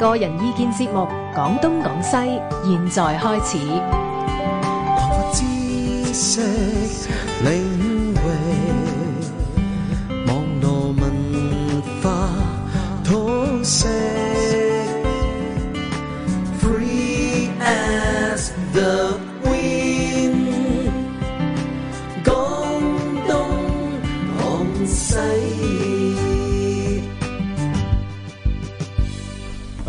個人意見節目《講東講西》，現在開始。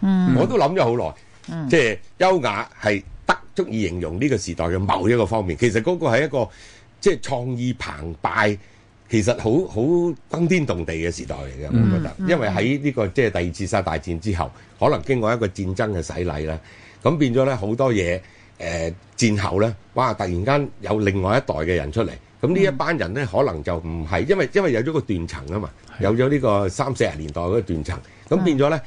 嗯，我都諗咗好耐，即係優雅係得足以形容呢個時代嘅某一個方面。其實嗰個係一個即係創意澎湃，其實好好驚天動地嘅時代嚟嘅。嗯、我覺得，因為喺呢、這個即係、就是、第二次世界大戰之後，可能經過一個戰爭嘅洗禮啦，咁變咗咧好多嘢。誒、呃，戰後咧，哇！突然間有另外一代嘅人出嚟，咁呢一班人咧，可能就唔係因為因為有咗個斷層啊嘛，有咗呢個三四十年代嗰個斷層，咁變咗咧。嗯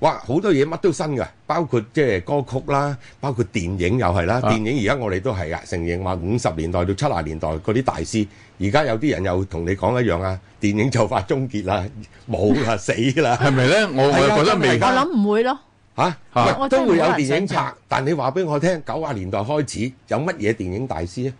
哇！好多嘢乜都新㗎，包括即係歌曲啦，包括電影、啊、電影又係啦。電影而家我哋都係啊，承認話五十年代到七十年代嗰啲大師，而家有啲人又同你講一樣啊，電影就快終結啦，冇啦，死啦，係咪 呢？我的我覺得未。我諗唔會咯、啊啊、我都會有電影拍，但你話俾我聽，九十年代開始有乜嘢電影大師咧？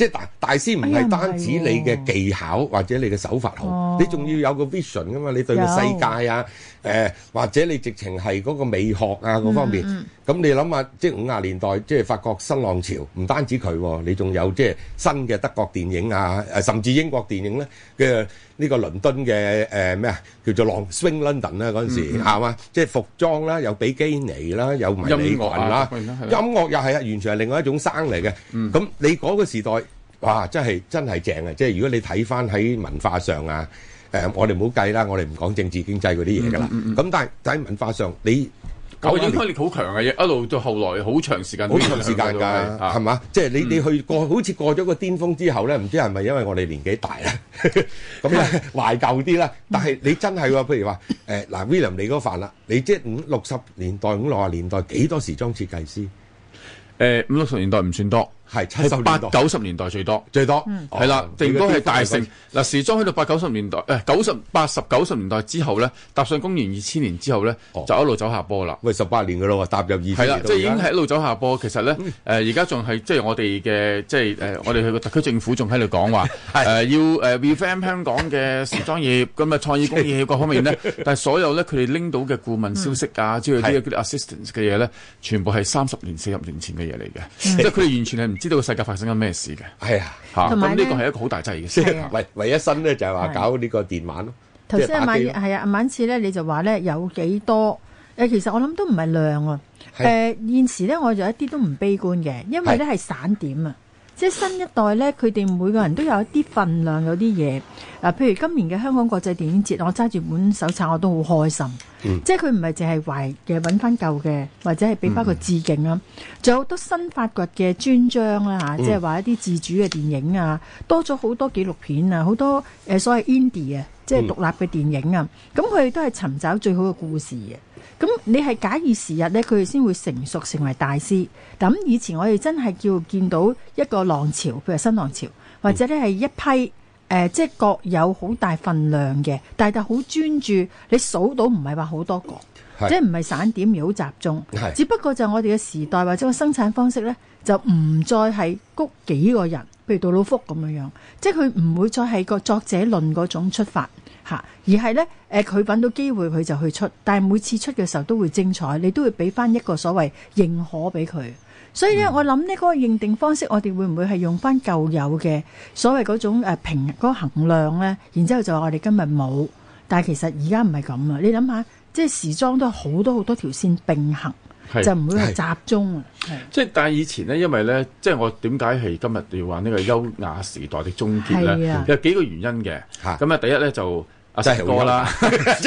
即係大大師唔係單止你嘅技巧或者你嘅手法好，哎哦哦、你仲要有個 vision 㗎嘛？你對個世界啊，有呃、或者你直情係嗰個美學啊嗰方面。咁、嗯嗯、你諗下，即係五十年代，即係法國新浪潮，唔單止佢、哦，你仲有即係新嘅德國電影啊，甚至英國電影咧嘅呢、呢個倫敦嘅誒咩啊，叫做《浪 Swing London》啊，嗰陣時係嘛、嗯哼，即係服裝啦、啊，有比基尼啦、啊，有迷你裙啦、啊，音樂又係啊，嗯啊，完全係另外一種生嚟嘅。咁、嗯、你嗰個時代。哇！真係真係正啊！即係如果你睇翻喺文化上啊，誒，我哋唔好計啦，我哋唔講政治經濟嗰啲嘢噶啦。咁但係就喺文化上，你九十年代影響力好強嘅，一路到後來好長時間，好長時間㗎，係嘛？即係你你去過，好似過咗個巔峯之後咧，唔知係咪因為我哋年紀大啦，咁啊懷舊啲啦。但係你真係喎，譬如話誒嗱，William 你嗰個飯啦，你即係五六十年代五六十年代幾多時裝設計師？誒五六十年代唔算多。係，七十八九十年代最多，最多，係啦，定都係大盛。嗱時裝去到八九十年代，九十八十九十年代之後咧，踏上公元二千年之後咧，就一路走下坡啦。喂，十八年嘅咯喎，踏入二係啦，即係已經係一路走下坡。其實咧，誒而家仲係即係我哋嘅，即係我哋個特區政府仲喺度講話，誒要誒 reframe 香港嘅時裝業，咁啊創意工業各方面咧，但係所有咧佢哋拎到嘅顧問消息啊，之類啲嘅 assistance 嘅嘢咧，全部係三十年、四十年前嘅嘢嚟嘅，即係佢哋完全係唔。知道個世界發生緊咩事嘅係啊，吓同埋、啊、呢呢呢個係一個好大劑嘅，即係唯一新咧就係話搞呢個電玩咯。頭先阿萬，係啊，阿萬、啊、次咧你就話咧有幾多誒？其實我諗都唔係量啊誒、啊呃、現時咧，我就一啲都唔悲觀嘅，因為咧係、啊、散點啊。即係新一代咧，佢哋每個人都有一啲份量有啲嘢。嗱、啊，譬如今年嘅香港國際電影節，我揸住本手冊我都好開心。嗯、即係佢唔係淨係懷嘅揾翻舊嘅，或者係俾翻個致敬啦，仲、嗯、有好多新發掘嘅專章啦嚇，即係話一啲自主嘅電影啊，多咗好多紀錄片啊，好多、呃、所謂 indie 啊，即係獨立嘅電影、嗯、啊，咁佢哋都係尋找最好嘅故事嘅。咁你係假以時日咧，佢哋先會成熟成為大師。咁以前我哋真係叫見到一個浪潮，譬如新浪潮，或者咧係一批誒，即係各有好大份量嘅，但係好專注。你數到唔係話好多個，是即係唔係散點，而好集中。是只不過就係我哋嘅時代或者個生產方式咧，就唔再係谷幾個人，譬如杜魯福咁樣樣，即係佢唔會再係個作者論嗰種出發。而係咧，誒、啊，佢揾到機會，佢就去出，但係每次出嘅時候都會精彩，你都會俾翻一個所謂認可俾佢。所以咧，我諗呢個認定方式，我哋會唔會係用翻舊有嘅所謂嗰種誒平，啊嗰個、衡量咧？然之後就話我哋今日冇，但係其實而家唔係咁啊！你諗下，即係時裝都好多好多條綫並行，是就唔會係集中啊。即係是是但係以前呢，因為咧，即係我點解係今日要話呢個優雅時代的終結咧？啊、有幾個原因嘅。咁啊，第一咧就。啊，真係多啦，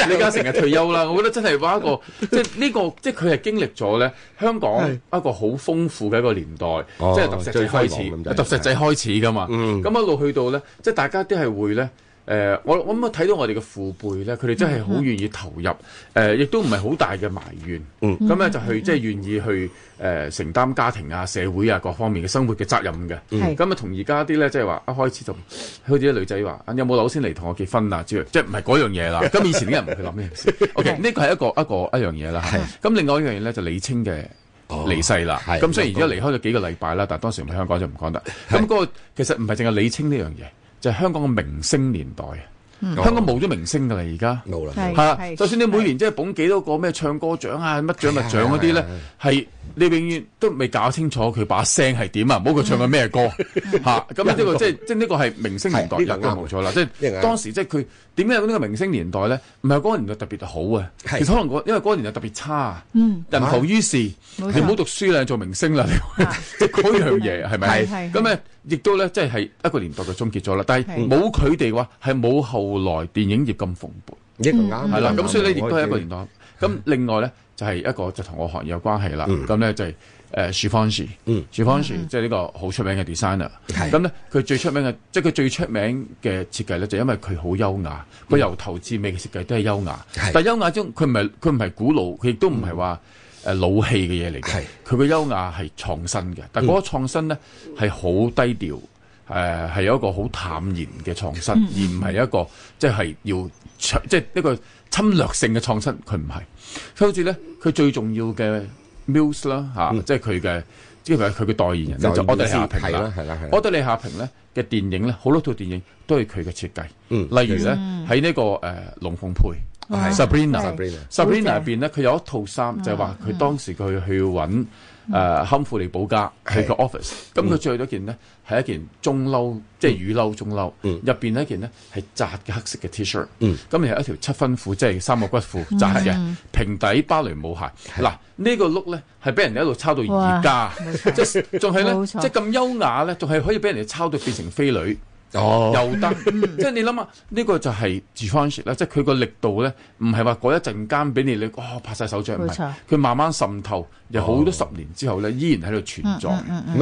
李嘉誠又退休啦，我覺得真係話 一個，即係、這、呢個，即係佢係經歷咗咧香港一個好豐富嘅一個年代，哦、即係獨石仔開始，獨石、就是、仔開始㗎嘛，咁的、嗯、一路去到咧，即係大家都係會咧。誒，我我咁睇到我哋嘅父輩咧，佢哋真係好願意投入，誒，亦都唔係好大嘅埋怨，嗯，咁咧就去即係願意去誒承擔家庭啊、社會啊各方面嘅生活嘅責任嘅，係，咁啊同而家啲咧即係話一開始就好似啲女仔話有冇樓先嚟同我結婚啊，即係即係唔係嗰樣嘢啦，咁以前啲人唔去諗咩事，OK，呢個係一個一個一樣嘢啦，咁另外一樣嘢咧就李清嘅離世啦，咁雖然而家離開咗幾個禮拜啦，但係當時唔喺香港就唔講得，咁嗰個其實唔係淨係李清呢樣嘢，就係香港嘅明星年代。香港冇咗明星噶啦，而家冇啦，吓！就算你每年即係捧幾多個咩唱歌獎啊、乜獎乜獎嗰啲咧，係你永遠都未搞清楚佢把聲係點啊，唔好佢唱緊咩歌吓。咁呢個即係即係呢個係明星年代，冇錯啦。即係當時即係佢點解有呢個明星年代咧？唔係嗰個年代特別好啊，其實可能因為嗰個年代特別差嗯，人浮於事你唔好讀書啦，做明星啦，嗰樣嘢係咪？咁咧亦都咧，即係一個年代就終結咗啦。但係冇佢哋嘅話，係冇後。後來電影業咁蓬勃，一個啱係啦，咁所以呢亦都係一個年代。咁另外咧就係一個就同我學業有關係啦。咁咧就係誒 s h u f a n 即係呢個好出名嘅 designer。咁咧佢最出名嘅，即係佢最出名嘅設計咧，就因為佢好優雅，佢由頭至尾嘅設計都係優雅。但係優雅中，佢唔係佢唔係古老，佢亦都唔係話誒老氣嘅嘢嚟嘅。佢嘅優雅係創新嘅，但係嗰個創新咧係好低調。誒係有一個好淡然嘅創新，而唔係一個即係要即係一個侵略性嘅創新，佢唔係佢好似咧，佢最重要嘅 muse 啦嚇，即係佢嘅，即係佢嘅代言人就奧黛莉夏平啦。係啦係啦。奧黛莉夏平咧嘅電影咧，好多套電影都係佢嘅設計。例如咧喺呢個誒龍鳳配，Sabrina，Sabrina 入邊咧，佢有一套衫就係話佢當時佢去揾。誒、呃嗯、堪富利保加係個 office，咁佢着咗件呢，係一件中褸，即、就、係、是、雨褸中褸，入、嗯、面一件呢，係窄嘅黑色嘅 t-shirt，咁然後一條七分褲，即、就、係、是、三個骨褲窄嘅、嗯、平底芭蕾舞鞋。嗱呢的、這個 look 咧係俾人哋一路抄到而家，即係仲係咧，呢錯即係咁優雅咧，仲係可以俾人哋抄到變成飛女。哦，又得，即係你諗下，呢個就係紀梵希啦，即係佢個力度咧，唔係話嗰一陣間俾你你，拍晒手掌，唔係，佢慢慢滲透，又好多十年之後咧，依然喺度存在，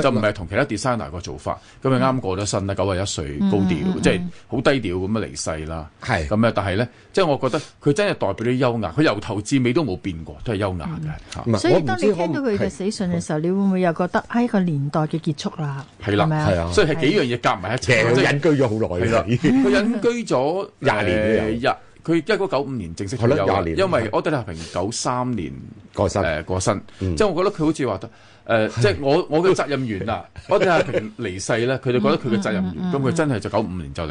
就唔係同其他 designer 個做法。咁啊啱啱過咗身啦，九啊一歲高調，即係好低調咁樣離世啦。咁啊，但係咧，即係我覺得佢真係代表啲優雅，佢由頭至尾都冇變過，都係優雅嘅。所以當你聽到佢嘅死訊嘅時候，你會唔會又覺得喺個年代嘅結束啦？係啦，係啊，所以係幾樣嘢夾埋一齊。了很久居咗好耐啦，佢隱居咗廿年嘅，有，一佢一嗰九五年正式退休， 年因為我哋立平九三年、 呃、過身，過身、嗯、即係我覺得佢好似話得誒即係我我嘅責任完啊，我哋立平離世咧，佢就覺得佢嘅責任完，咁佢 真係就九五年就嚟。